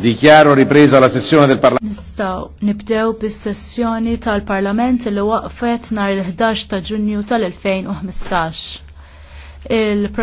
Dichiaro ripresa la sessione del Parlamento. Nistaw nibdew bis-sessjoni tal-Parlament li waqfet nhar il-11 ta' Ġunju tal-2015.